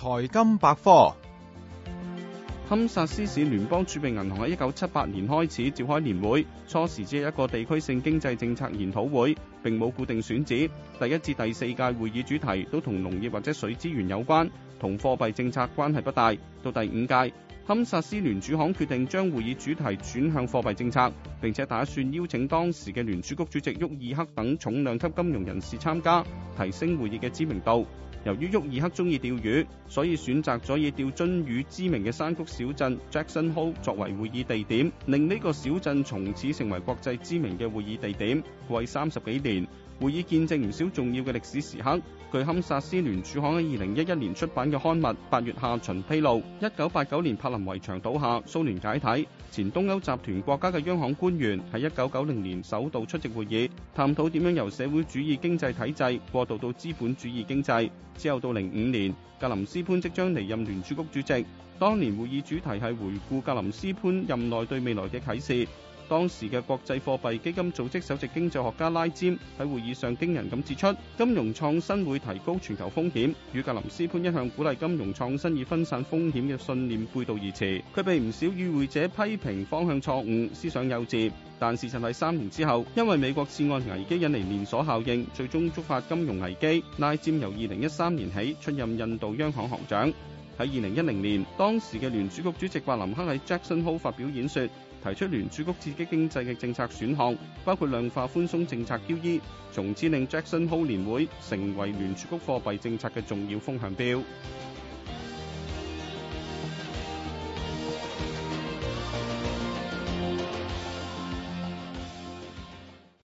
財金百科。堪薩斯市聯邦儲備銀行喺一九七八年開始召開年會，初時只係一個地區性經濟政策研討會，並冇固定選址。第一至第四屆會議主題都同農業或者水資源有關，同貨幣政策關係不大。到第五屆，堪薩斯聯儲行決定將會議主題轉向貨幣政策，並且打算邀請當時嘅聯儲局主席沃爾克等重量級金融人士參加，提升會議嘅知名度。由於沃爾克中意釣魚，所以選擇咗以釣津魚知名嘅山谷小鎮 Jackson Hole 作為會議地點，令呢個小鎮從此成為國際知名嘅會議地點。為三十幾年，會議見證唔少重要嘅歷史時刻。據堪薩斯聯儲行喺二零一一年出版嘅刊物八月下旬披露，一九八九年柏林圍牆倒下，蘇聯解體，前東歐集團國家嘅央行官員喺一九九零年首度出席會議，探討點樣由社會主義經濟體制過渡到資本主義經濟。之後到零五年，格林斯潘即將離任聯儲局主席。當年會議主題係回顧格林斯潘任內對未來嘅啟示。當時嘅國際貨幣基金組織首席經濟學家拉詹喺會議上驚人咁指出，金融創新會提高全球風險，與格林斯潘一向鼓勵金融創新以分散風險嘅信念背道而馳。佢被唔少與會者批評方向錯誤、思想幼稚。但事實係三年之後，因為美國次按危機引嚟連鎖效應，最終觸發金融危機。拉詹由二零一三年起出任印度央行行長。喺二零一零年，當時嘅聯儲局主席伯南克喺 Jackson Hole 發表演說，提出聯儲局刺激經濟嘅政策選項，包括量化寬鬆政策 QE，從此令 Jackson Hole 年會成為聯儲局貨幣政策嘅重要風向標。